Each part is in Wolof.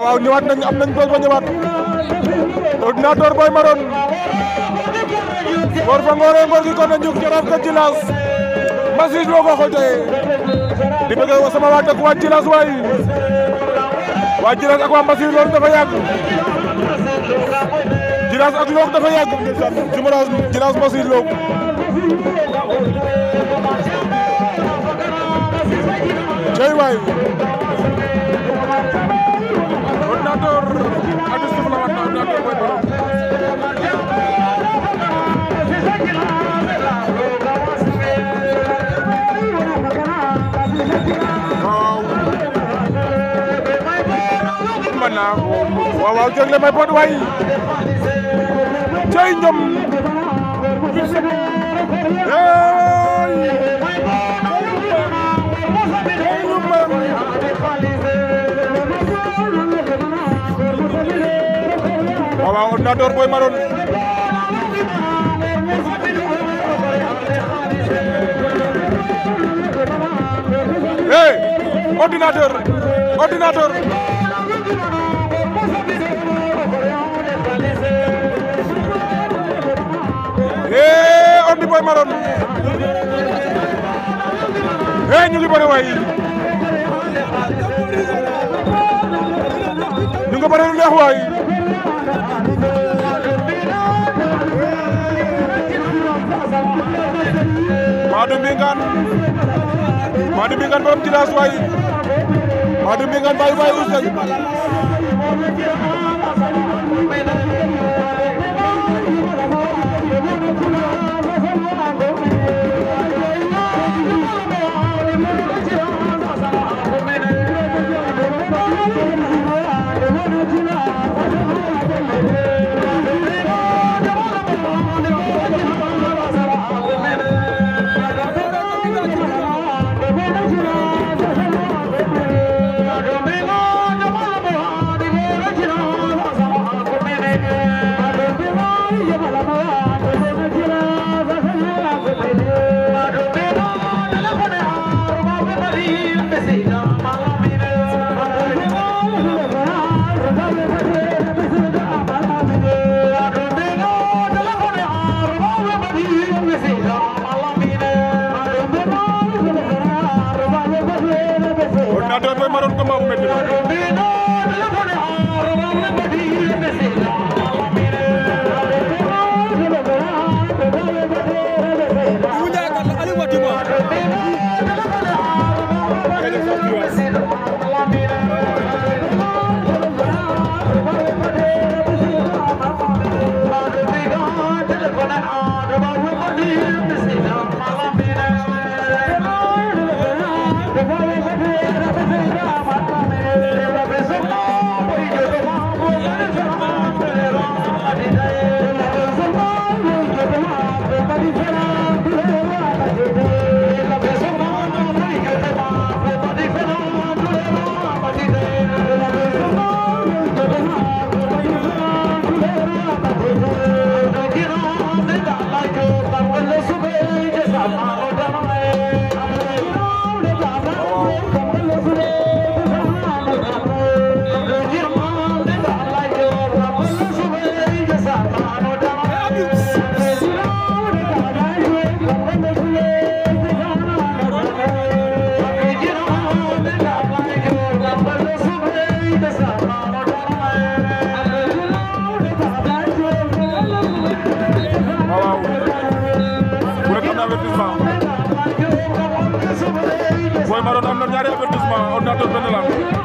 waaw ñëwaat nañ am nañ bés ba ñëwaat ordinateur Boy Maroon Ngor fa Ngoree Ngor gi kon a njuk jaraaf ka Djilass Massis moo ko xojee di bëgg wa sama waa dëkk waa Djilass waay waa Djilass ak waa Massis loolu dafa yàgg Djilass ak Lok dafa yàgg jumala mën naa waaw waaw jëgle may bot way cey ñoom waaw ñu ngi bëri way ñu ngi bëri lu neex waay Mady Mbingane Mady Mbingane borom Djilass waay Mady Mbingane baay baay Ousseyn I'm Diop la laa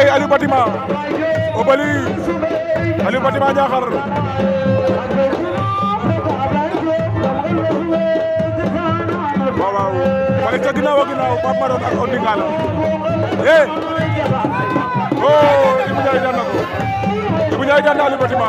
Ndiaye Aliou Batima Obali Aliou Batima Niakhar waaw waaw wala ca ginnaaw ak ginnaaw Pape Maroon ak Ondinga la eh oh Ibou Ndiaye daan na ko Ibou Ndiaye daan na Aliou Batima